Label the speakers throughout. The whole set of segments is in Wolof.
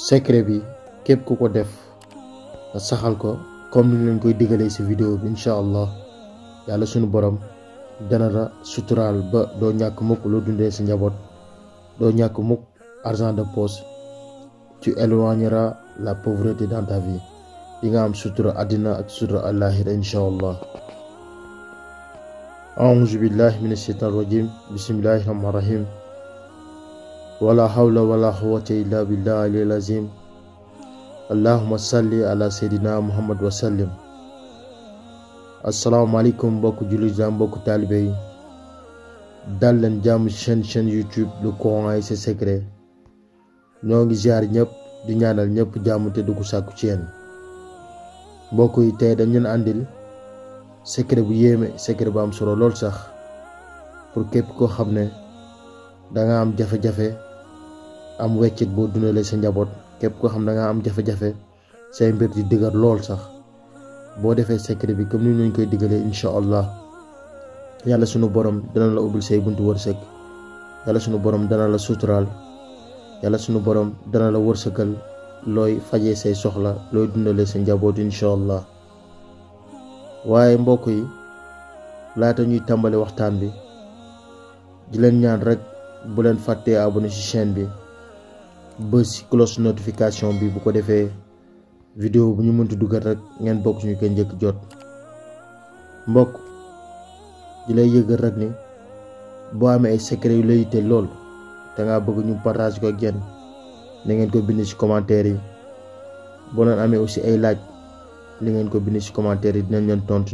Speaker 1: secret bi képp ku ko def nga saxal ko comme ni leen koy digalee ci vidéo bi incha allah yàlla sunu borom dana la suturaal ba doo ñàkk mukk loo dundee ci njaboot doo ñàkk mukk argent de poche tu éloigneras la pauvreté dans ta nga am sutura àddina ak sutura àllaaxira incha allah aouzu billahi min asheytan rajim bismillahi rahim ولا حول ولا قوة إلا بالله العلي العظيم اللهم صل على سيدنا محمد وسلم assalamu alaikum bokk jullit jàmm bokk taalibe yi dal leen jàmm chaîne chaîne youtube le Coran et ses secrets ñoo ngi ziar ñëpp di ñaanal ñëpp jàmm te du ko sàkku ci yéen mbokk yi tey dañ leen àndil secret bu yéeme secret bu am solo lool sax pour képp koo xam ne danga am jafe-jafe am weccit boo dundalee sa njaboot képp ko xam da nga am jafe-jafe say mbir di dëgër lool sax bo defee secret bi comme ni ñu koy digalee allah yàlla sunu borom dana la ubbil say buntu wërsëg yàlla sunu borom dana la sutural yàlla sunu borom dana la wërsëgal Loi fajee say soxla looy dundalee sa njaboot incha allah waaye mbokk yi laata ñuy tàmbali waxtaan bi di leen ñaan rek bu leen fàttee abonné ci chaîne bi bës cloche notification bi bu ko defee vidéo bu ñu mënti dugal rek ngeen bokk suñu koy njëkk jot mbokk di lay yëgal rek ni boo amee ay secret yu la yitte lool te nga bëgg ñu partage ko ak yéen na ngeen ko bind ci commentaire yi boo leen amee aussi ay laaj li ngeen ko bind ci commentaire yi dinañ leen tontu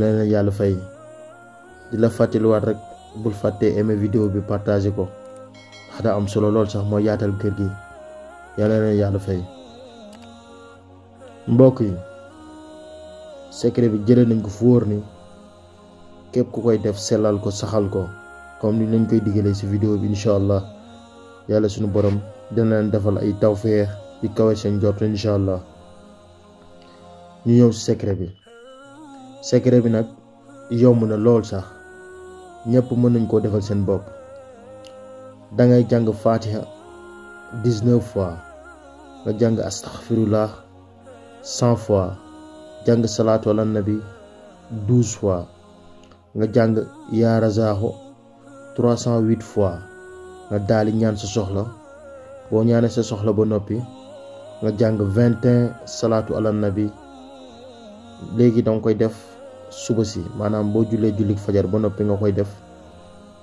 Speaker 1: na yàlla fay di la fàttaliwaat rek bul fàttee aimer vidéo bi partager ko. xada am solo lool sax mooy yaatal kër gi yàlla na fay mbokk yi secret bi jëlee nañ ko fu wóor ni képp ku koy def sellal ko saxal ko comme ni lañ koy diggalee si video bi incha allah yàlla suñu borom dina leen defal ay tawféex di kawe seen jot incha allah ñu yow ci bi secret bi nag yomb na lool sax ñëpp mën nañ koo defal seen bokk da ngay jàng fatiha dix fois nga jàng astaghfirullah cent fois jàng salaatu ala nabi douze fois nga jàng yaa razaaxu trois cent huit fois nga daali ñaan sa soxla boo ñaanee sa soxla ba noppi nga jàng vingt et un salaatu ala léegi danga koy def suba si maanaam boo jullee jullik fajar ba noppi nga koy def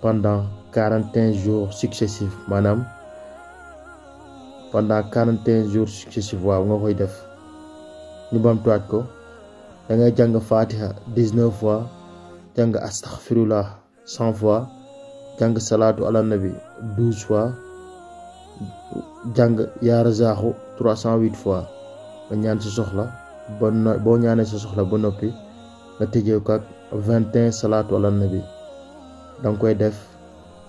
Speaker 1: pendant quarante et un jours successifs maanaam pendant quarante et un jours successifs waaw nga koy def ñu bamtuwaat ko da ngay jàng fatiha dix-neuf fois jàng astaghfirullah cent fois jàng salaatu ala nabi douze fois jàng yaa razaaxu trois cent fois nga ñaan sa soxla boo ñaanee sa soxla ba noppi nga tëjee ko ak vingt et un salaatu ala nabi da nga koy def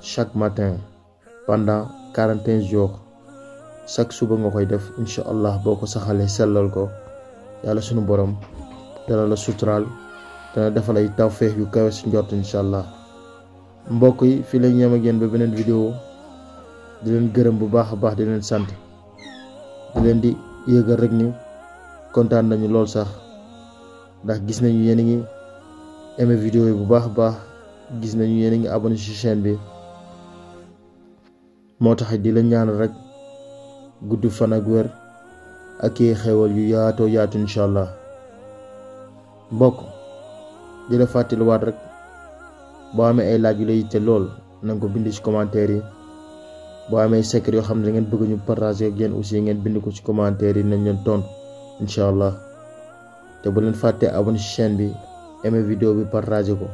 Speaker 1: chaque matin pendant quarante et un jours chaque suba nga koy def incha allah boo ko saxalee sellal ko yàlla sunu borom dana la suturaal dana defal ay tawféex yu kawe si njort incha allah mbokk yi fii la ñu yem ak ba beneen vidéo di leen gërëm bu baax a baax di leen sant di leen di yëgal rek ni kontaan nañu lool sax ndax gis nañu yéen a ngi aimé vidéo yi bu baax a baax. gis nañu yéen a ngi abonné ci chaîne bi moo tax di la ñaan rek gudd fan ak wér ak i xewal yu yaatoo yaatu incha allah mbokk di la fàttaliwaat rek boo amee ay laaj yu la yitte lool na nga ko bind ci commentaire yi boo amee secret yoo xam ngeen bëgg ñu partager ak yéen aussi ngeen bind ko ci commentaire yi nañ leen tontu incha te bu leen fàtte abonné ci chaîne bi aimé vidéo bi partager ko.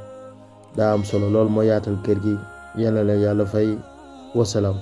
Speaker 1: daa am solo lool moo yaatal kër gi yàlla la yàlla fay wasalaam